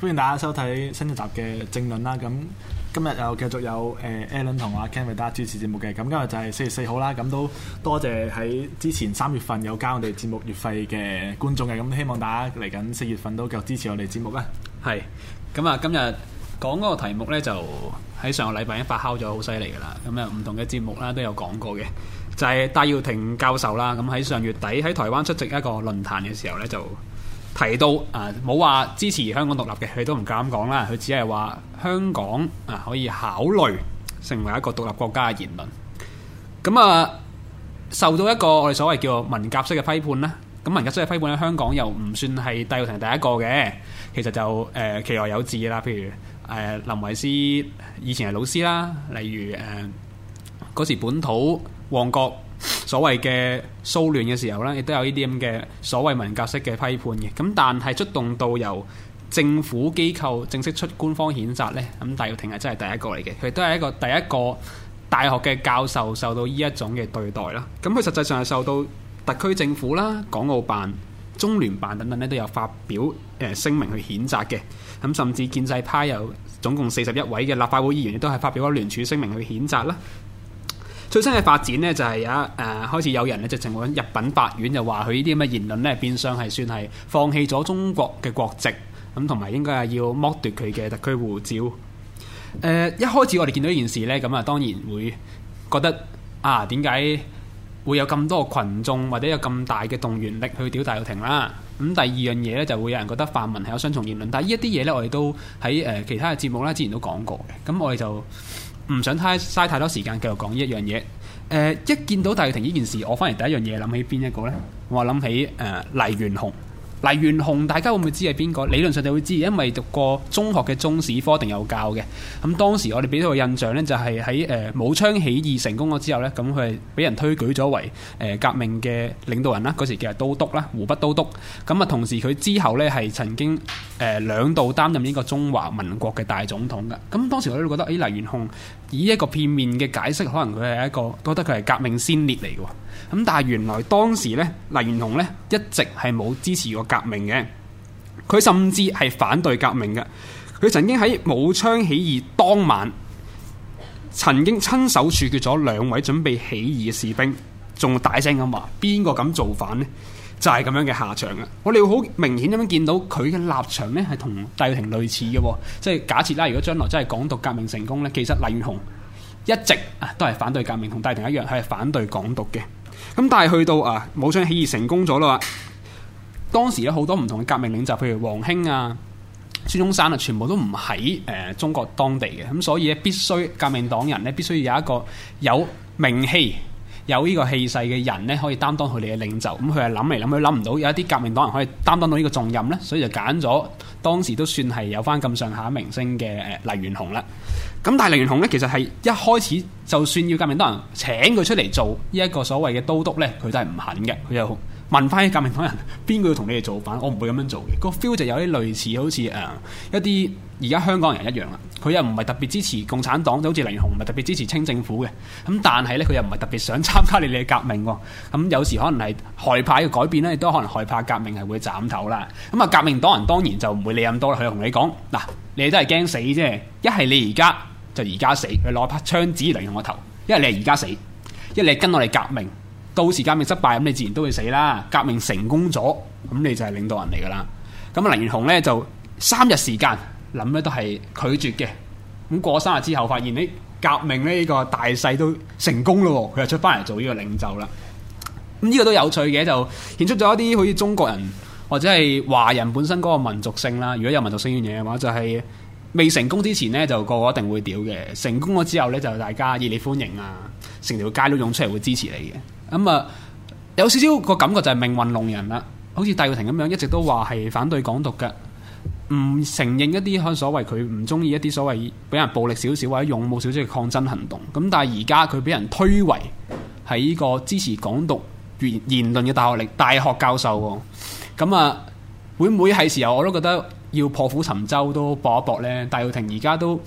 歡迎大家收睇新一集嘅政論啦！咁今日又繼續有誒 Alan 同阿 Ken 負責主持節目嘅，咁今日就係四月四號啦！咁都多謝喺之前三月份有交我哋節目月費嘅觀眾嘅，咁希望大家嚟緊四月份都繼續支持我哋節目啦！係咁啊，今日講嗰個題目咧，就喺上個禮拜已經發酵咗好犀利噶啦，咁啊唔同嘅節目啦都有講過嘅，就係戴耀廷教授啦，咁喺上月底喺台灣出席一個論壇嘅時候咧就。提到啊，冇、呃、話支持香港獨立嘅，佢都唔敢講啦。佢只係話香港啊、呃、可以考慮成為一個獨立國家嘅言論。咁、嗯、啊，受到一個我哋所謂叫文革式嘅批判啦。咁、嗯、文革式嘅批判喺香港又唔算係戴耀廷第一個嘅。其實就誒、呃，其來有自啦，譬如誒、呃、林慧思以前係老師啦，例如誒嗰、呃、時本土旺角。所謂嘅騷亂嘅時候呢，亦都有呢啲咁嘅所謂文革式嘅批判嘅。咁但係出動到由政府機構正式出官方譴責呢，咁戴耀廷係真係第一個嚟嘅。佢都係一個第一個大學嘅教授受到呢一種嘅對待啦。咁佢實際上係受到特區政府啦、港澳辦、中聯辦等等咧都有發表誒聲明去譴責嘅。咁甚至建制派有總共四十一位嘅立法會議員亦都係發表咗聯署聲明去譴責啦。最新嘅發展呢，就係、是、啊誒、呃、開始有人咧直情入稟法院，就話佢呢啲咁嘅言論呢，變相係算係放棄咗中國嘅國籍，咁同埋應該係要剝奪佢嘅特區護照、呃。一開始我哋見到呢件事呢，咁啊當然會覺得啊點解會有咁多群眾或者有咁大嘅動員力去屌戴耀廷啦？咁第二樣嘢呢，就會有人覺得泛民係有雙重言論。但係呢一啲嘢呢，我哋都喺誒、呃、其他嘅節目啦，之前都講過嘅。咁我哋就，唔想太嘥太多時間繼續講呢一樣嘢。誒、呃，一見到戴耀廷呢件事，我反而第一樣嘢諗起邊一個呢？我諗起誒、呃、黎元洪。黎元洪大家會唔會知係邊個？理論上就會知，因為讀過中學嘅中史科定有教嘅。咁當時我哋俾到個印象呢，就係喺誒武昌起義成功咗之後呢，咁佢係俾人推舉咗為誒革命嘅領導人啦。嗰時叫係都督啦，湖北都督。咁啊，同時佢之後呢係曾經誒兩度擔任呢個中華民國嘅大總統嘅。咁當時我都覺得，誒黎元洪以一個片面嘅解釋，可能佢係一個覺得佢係革命先烈嚟嘅。咁但係原來當時呢，黎元洪呢一直係冇支持過。革命嘅，佢甚至係反對革命嘅。佢曾經喺武昌起義當晚，曾經親手處決咗兩位準備起義嘅士兵，仲大聲咁話：邊個敢造反呢？就係咁樣嘅下場啊！我哋好明顯咁見到佢嘅立場呢係同戴耀廷類似嘅。即係假設啦，如果將來真係港獨革命成功呢，其實黎元洪一直都係反對革命，同戴耀廷一樣係反對港獨嘅。咁但係去到啊，武昌起義成功咗啦。當時咧好多唔同嘅革命領袖，譬如黃興啊、孫中山啊，全部都唔喺誒中國當地嘅。咁、嗯、所以咧必須革命黨人咧必須要有一個有名氣、有呢個氣勢嘅人咧可以擔當佢哋嘅領袖。咁佢係諗嚟諗去諗唔到有一啲革命黨人可以擔當到呢個重任咧，所以就揀咗當時都算係有翻咁上下名聲嘅誒黎元洪啦。咁但係黎元洪咧其實係一開始就算要革命黨人請佢出嚟做呢一個所謂嘅都督咧，佢都係唔肯嘅，佢又。問翻啲革命黨人，邊個要同你哋做反？我唔會咁樣做嘅。個 feel 就有啲類似，好似誒、呃、一啲而家香港人一樣啦。佢又唔係特別支持共產黨，就好似林熊唔係特別支持清政府嘅。咁但係咧，佢又唔係特別想參加你哋嘅革命喎、哦。咁、嗯、有時可能係害怕要改變咧，亦都可能害怕革命係會斬頭啦。咁、嗯、啊，革命黨人當然就唔會理咁多啦。佢同你講：嗱，你哋都係驚死啫。一係你而家就而家死，佢攞拍槍子嚟用我頭；一係你係而家死，一係跟我哋革命。到時革命失敗，咁你自然都會死啦。革命成功咗，咁你就係領導人嚟噶啦。咁林元雄呢就三日時間諗呢都係拒絕嘅。咁過三日之後，發現呢革命呢個大勢都成功咯。佢就出翻嚟做呢個領袖啦。咁呢個都有趣嘅，就顯出咗一啲好似中國人或者係華人本身嗰個民族性啦。如果有民族性嘅嘢嘅話，就係未成功之前呢，就個個一定會屌嘅。成功咗之後呢，就大家熱烈歡迎啊，成條街都湧出嚟會支持你嘅。咁啊、嗯，有少少個感覺就係命運弄人啦。好似戴耀廷咁樣，一直都話係反對港獨嘅，唔承認一啲香所謂佢唔中意一啲所謂俾人暴力少少或者勇武少少嘅抗爭行動。咁、嗯、但係而家佢俾人推為係依個支持港獨言言論嘅大學力大學教授喎。咁、嗯、啊、嗯，會唔會係時候我都覺得要破釜沉舟都搏一搏呢？戴耀廷而家都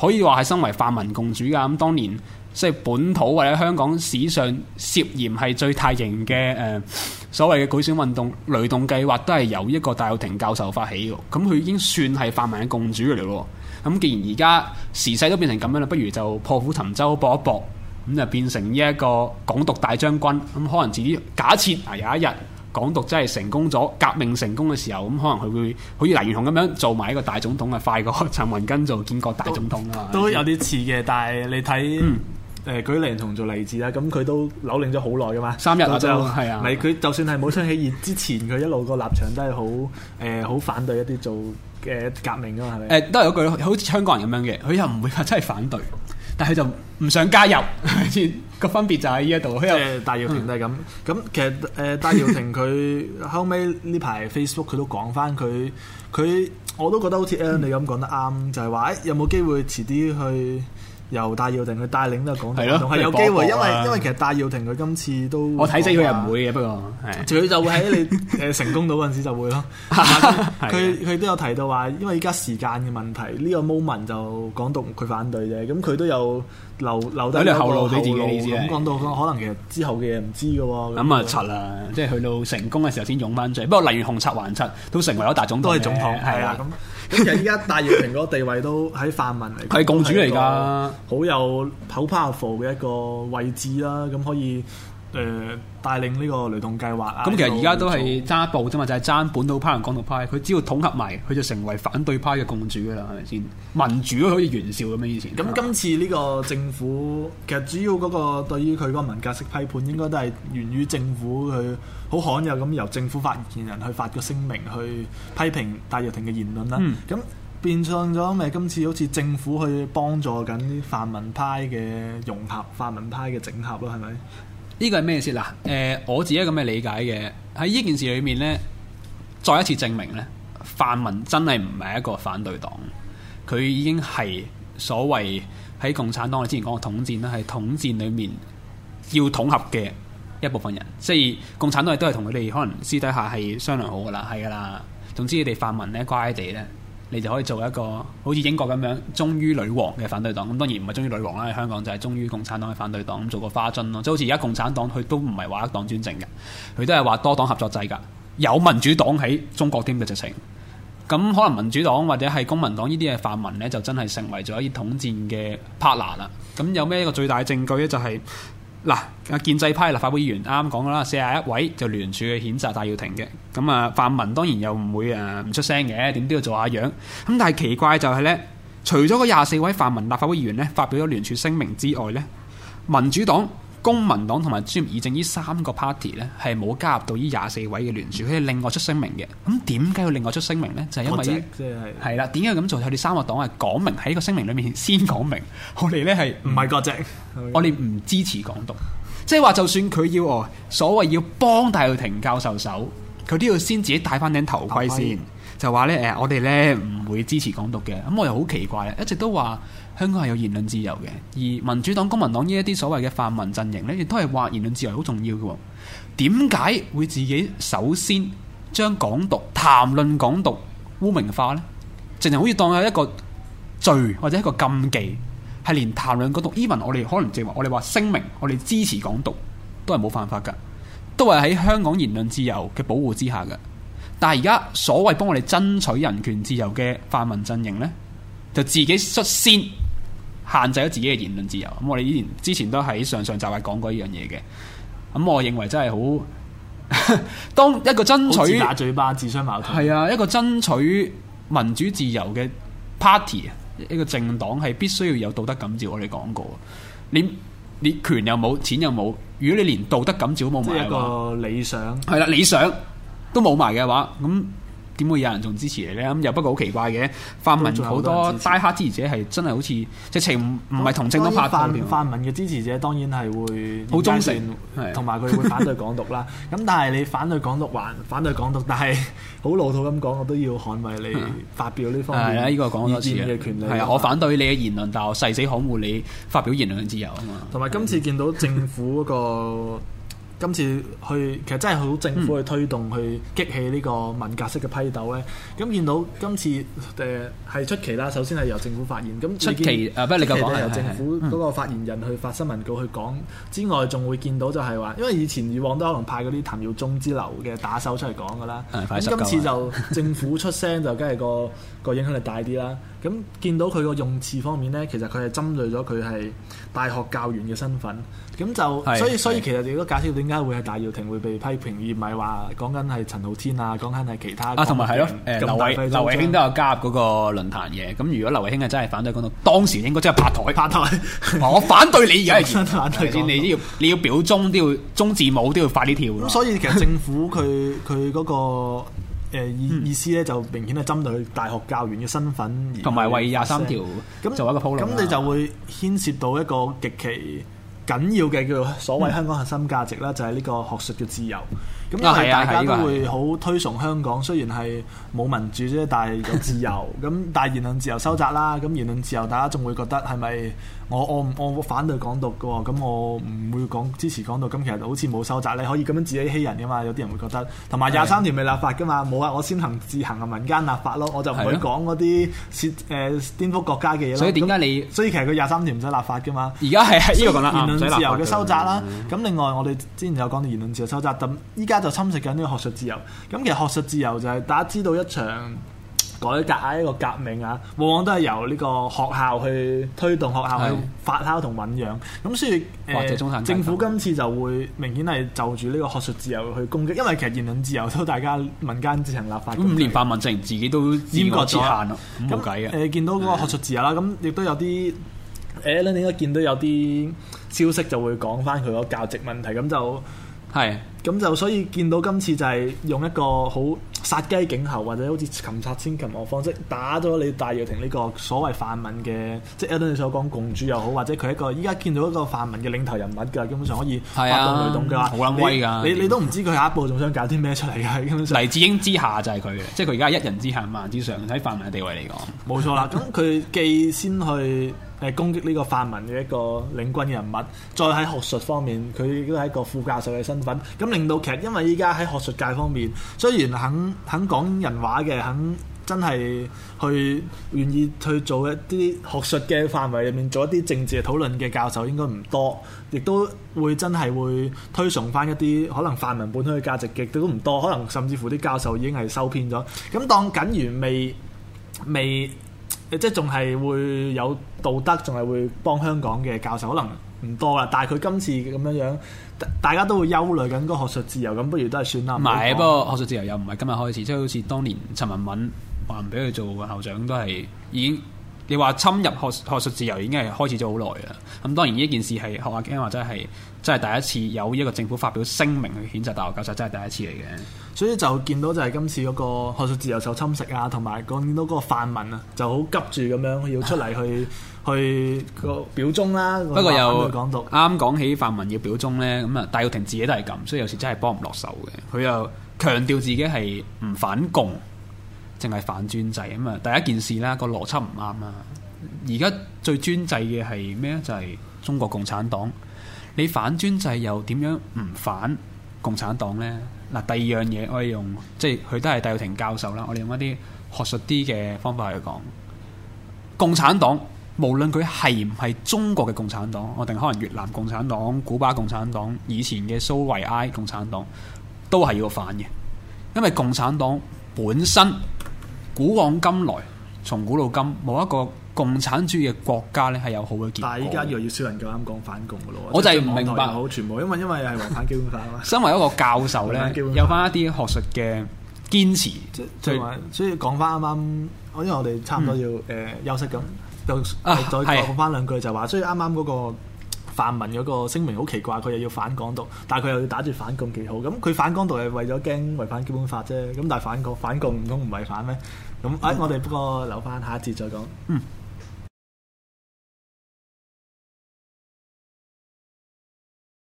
可以話係身為泛民共主噶咁、嗯，當年。即係本土或者香港史上涉嫌係最大型嘅誒、呃、所謂嘅舉選運動雷動計劃，都係由一個戴耀廷教授發起嘅。咁佢已經算係泛民嘅共主嚟咯。咁、嗯、既然而家時勢都變成咁樣啦，不如就破釜沉舟搏一搏，咁、嗯、就變成呢一個港獨大將軍。咁、嗯、可能自己假設啊，有一日港獨真係成功咗，革命成功嘅時候，咁、嗯、可能佢會好似黎元洪咁樣做埋一個大總統啊，快過陳雲根做建國大總統啊。都有啲似嘅，但係你睇。嗯誒、呃、舉梁同做例子啦，咁佢都扭領咗好耐噶嘛，三日啦就係啊，唔佢都就算係冇生起義之前，佢一路個立場都係好誒，好、呃、反對一啲做嘅、呃、革命噶嘛，係咪？誒、呃、都係嗰句，好似香港人咁樣嘅，佢又唔會話真係反對，但係就唔想加入，係 個分別就喺呢一度。即係戴耀廷都係咁，咁其實誒戴耀廷佢後尾呢排 Facebook 佢都講翻佢，佢我都覺得好似 Allen 你咁講得啱，就係話誒有冇機會遲啲去。由戴耀廷佢帶領咧，港獨仲係有機會，因為因為其實戴耀廷佢今次都我睇死佢又唔會嘅，不過佢就會喺你誒成功到嗰陣時就會咯。佢佢都有提到話，因為依家時間嘅問題，呢個 moment 就講到佢反對啫。咁佢都有留留低啲後路俾自己。你知講到可能其實之後嘅嘢唔知嘅喎。咁啊，柒啦，即係去到成功嘅時候先用翻最。不過黎元洪柒還柒，都成為咗大總都係總統，係啊咁。 其實依家戴耀廷嗰個地位都喺 泛民嚟講，係共主嚟㗎，好有 powerful 嘅一個位置啦，咁可以。誒、帶、呃、領呢個雷動計劃啊！咁其實而家都係揸一步啫嘛，就係爭本土派同港獨派。佢只要統合埋，佢就成為反對派嘅共主噶啦，係咪先？嗯、民主好似袁紹咁樣以前。咁今次呢個政府，其實主要嗰個對於佢個文革式批判，應該都係源於政府去好罕有咁由政府發言人去發個聲明去批評戴耀廷嘅言論啦。咁、嗯、變相咗咪今次好似政府去幫助緊泛民派嘅融合、泛民派嘅整合咯，係咪？呢個係咩意思啦？誒、呃，我自己咁嘅理解嘅，喺呢件事裏面呢，再一次證明呢，泛民真係唔係一個反對黨，佢已經係所謂喺共產黨我之前講嘅統戰啦，係統戰裏面要統合嘅一部分人，即係共產黨亦都係同佢哋可能私底下係商量好噶啦，係噶啦。總之你哋泛民呢，乖啲呢。你就可以做一個好似英國咁樣忠於女王嘅反對黨，咁當然唔係忠於女王啦，喺香港就係忠於共產黨嘅反對黨，做個花樽咯，即好似而家共產黨佢都唔係話一黨專政嘅，佢都係話多黨合作制㗎，有民主黨喺中國添嘅直情，咁可能民主黨或者係公民黨呢啲嘅泛民呢，就真係成為咗一統戰嘅 partner 啦。咁有咩一個最大嘅證據咧？就係、是。嗱，建制派立法會議員啱啱講咗啦，四廿一位就聯署去譴責戴耀廷嘅。咁啊，泛民當然又唔會誒唔、啊、出聲嘅，點都要做下樣。咁但係奇怪就係咧，除咗嗰廿四位泛民立法會議員咧發表咗聯署聲明之外咧，民主黨，公民黨同埋專業議政呢三個 party 咧，係冇加入到呢廿四位嘅聯署，佢哋另外出聲明嘅。咁點解要另外出聲明咧？就係、是、因為，係啦，點解咁做？佢哋三個黨係講明喺個聲明裏面先講明，我哋咧係唔係國籍，嗯、我哋唔支持港獨。 即係話，就算佢要所謂要幫戴耀廷教授手，佢都要先自己戴翻頂頭盔先。就話咧誒，我哋咧唔會支持港獨嘅，咁我又好奇怪咧，一直都話香港係有言論自由嘅，而民主黨、公民黨呢一啲所謂嘅泛民陣營咧，亦都係話言論自由好重要嘅喎，點解會自己首先將港獨談論港獨污名化呢？淨係好似當有一個罪或者一個禁忌，係連談論港獨，even 我哋可能淨係話我哋話聲明，我哋支持港獨都係冇辦法噶，都係喺香港言論自由嘅保護之下嘅。但係而家所謂幫我哋爭取人權自由嘅泛民陣營呢，就自己率先限制咗自己嘅言論自由。咁我哋之前都喺上上集係講過呢樣嘢嘅。咁我認為真係好，當一個爭取大嘴巴、自相矛盾係啊，一個爭取民主自由嘅 party 一個政黨係必須要有道德感召。我哋講過，你你權又冇，錢又冇，如果你連道德感召都冇，即一個理想係啦、啊，理想。都冇埋嘅話，咁點會有人仲支持你呢？咁又不過好奇怪嘅，泛民仲好多 Die hard 支持者，係真係好似即係情唔唔係同情咯。泛泛民嘅支持者當然係會好忠誠，同埋佢會反對港獨啦。咁但係你反對港獨，還反對港獨，但係好老土咁講，我都要捍衞你發表呢方面。係啊，依個講多次啊，言嘅權利係啊，我反對你嘅言論，但我誓死捍衞你發表言論嘅自由。同埋今次見到政府嗰個。今次去其實真係好政府去推動去激起呢個文革式嘅批鬥呢，咁、嗯、見到今次誒係、呃、出奇啦，首先係由政府發言。咁出奇誒，不你夠講由政府嗰個發言人去發新聞稿去講之外，仲會見到就係話，因為以前以往都可能派嗰啲譚耀宗之流嘅打手出嚟講噶啦，咁、嗯、今次就、呃、政府出聲就梗係個 個影響力大啲啦。咁見到佢個用詞方面咧，其實佢係針對咗佢係大學教員嘅身份，咁就是所以是所以其實如果解釋點解會係戴耀廷會被批評，而唔係話講緊係陳浩天啊，講緊係其他啊，同埋係咯，誒、呃、劉慧劉慧卿慧都有加入嗰個論壇嘅。咁如果劉慧卿係真係反對港獨，當時應該真係拍台拍台檯、 哦。我反對你而家係言論 對戰江，你要你要表忠都要忠字舞都要快啲跳，咁所以其實 政府佢佢嗰個。誒，意意思咧，嗯、就明顯係針對大學教員嘅身份，同埋為廿三條做一個鋪路。咁那你就會牽涉到一個極其緊要嘅叫做所謂香港核心價值啦，嗯、就係呢個學術嘅自由。咁又係大家都會好推崇香港。雖然係冇民主啫，但係有自由。咁 但係言論自由收窄啦。咁言論自由，大家仲會覺得係咪我我我反對港獨嘅喎？咁我唔會講支持港獨。咁其實好似冇收窄，你可以咁樣自欺欺人嘅嘛。有啲人會覺得。同埋廿三條未立法嘅嘛，冇啊！我先行自行嘅民間立法咯，我就唔會講嗰啲誒顛覆國家嘅嘢。所以點解你？所以其實佢廿三條唔使立法嘅嘛。而家係呢個講啦，言論自由嘅收窄啦。咁、嗯、另外我哋之前有講到言論自由收窄，咁依家。就侵蝕緊呢個學術自由，咁其實學術自由就係大家知道一場改革啊，一個革命啊，往往都係由呢個學校去推動，學校去發酵同醞釀。咁所以誒，中政府今次就會明顯係就住呢個學術自由去攻擊，因為其實言論自由都大家民間自行立法。咁五年辦文政自己都閹割咗，冇計嘅。誒，見那的到嗰個學術自由啦，咁亦都有啲誒的、哎、你應該見到有啲消息就會講翻佢個教職問題，咁就。係，咁是就所以見到今次就係用一個好殺雞儆猴或者好似擒賊千擒王方式打咗你戴耀廷呢個所謂泛民嘅，即係有你所講共主又好，或者佢一個依家見到一個泛民嘅領頭人物㗎，基本上可以發動雷動㗎，啊、你好撚威㗎、啊。你樣你都唔知佢下一步仲想搞啲咩出嚟㗎？基本上黎智英之下就係佢嘅， 即係佢而家一人之下萬人之上喺泛民嘅地位嚟講。冇 錯啦，咁佢既先去。攻擊呢個泛民嘅一個領軍人物，再喺學術方面，佢都係一個副教授嘅身份，咁令到其實因為依家喺學術界方面，雖然肯肯講人話嘅，肯真係去願意去做一啲學術嘅範圍入面做一啲政治嘅討論嘅教授應該唔多，亦都會真係會推崇翻一啲可能泛民本身嘅價值極都唔多，可能甚至乎啲教授已經係收編咗，咁當僅餘未未。未即係仲係會有道德，仲係會幫香港嘅教授，可能唔多啦。但係佢今次咁樣樣，大家都會憂慮緊個學術自由。咁不如都係算啦。唔係是，不過學術自由又唔係今日開始，即係好似當年陳文敏話唔俾佢做校長，都係已經。你話侵入學學術自由已經係開始咗好耐啦，咁當然呢件事係學阿 Ken 話真係真係第一次有一個政府發表聲明去譴責大學教授，真係第一次嚟嘅。所以就見到就係今次嗰個學術自由受侵蝕啊，同埋講到嗰個泛民啊，就好急住咁樣要出嚟去、啊、去，去個表忠啦。不過又啱講起泛民要表忠咧，咁啊戴耀廷自己都係咁，所以有時真係幫唔落手嘅。佢又強調自己係唔反共。淨係反專制啊嘛！第一件事啦，個邏輯唔啱啊！而家最專制嘅係咩？就係中國共產黨。你反專制又點樣唔反共產黨呢？嗱，第二樣嘢我用即係佢都係戴耀廷教授啦，我哋用一啲學術啲嘅方法去講。共產黨無論佢係唔係中國嘅共產黨，我定可能越南共產黨、古巴共產黨、以前嘅蘇維埃共產黨，都係要反嘅，因為共產黨本身。古往今來，從古到今，冇一個共產主義嘅國家咧，係有好嘅結果。但係依家又要少人夠啱講反共嘅咯。我就係唔明白，好，全部因為因為係違反基本法啊嘛。 身為一個教授咧，有翻一啲學術嘅堅持。即係所以講翻啱啱，因為我哋差唔多要誒、嗯呃、休息咁，就再講翻、啊、兩句的就話，所以啱啱嗰個。泛民嗰個聲明好奇怪，佢又要反港獨，但係佢又要打住反共幾好，咁佢反港獨係為咗驚違反基本法啫，咁但係反國反共唔通唔違反咩？咁誒，嗯、我哋不過留翻下，下一節再講。嗯。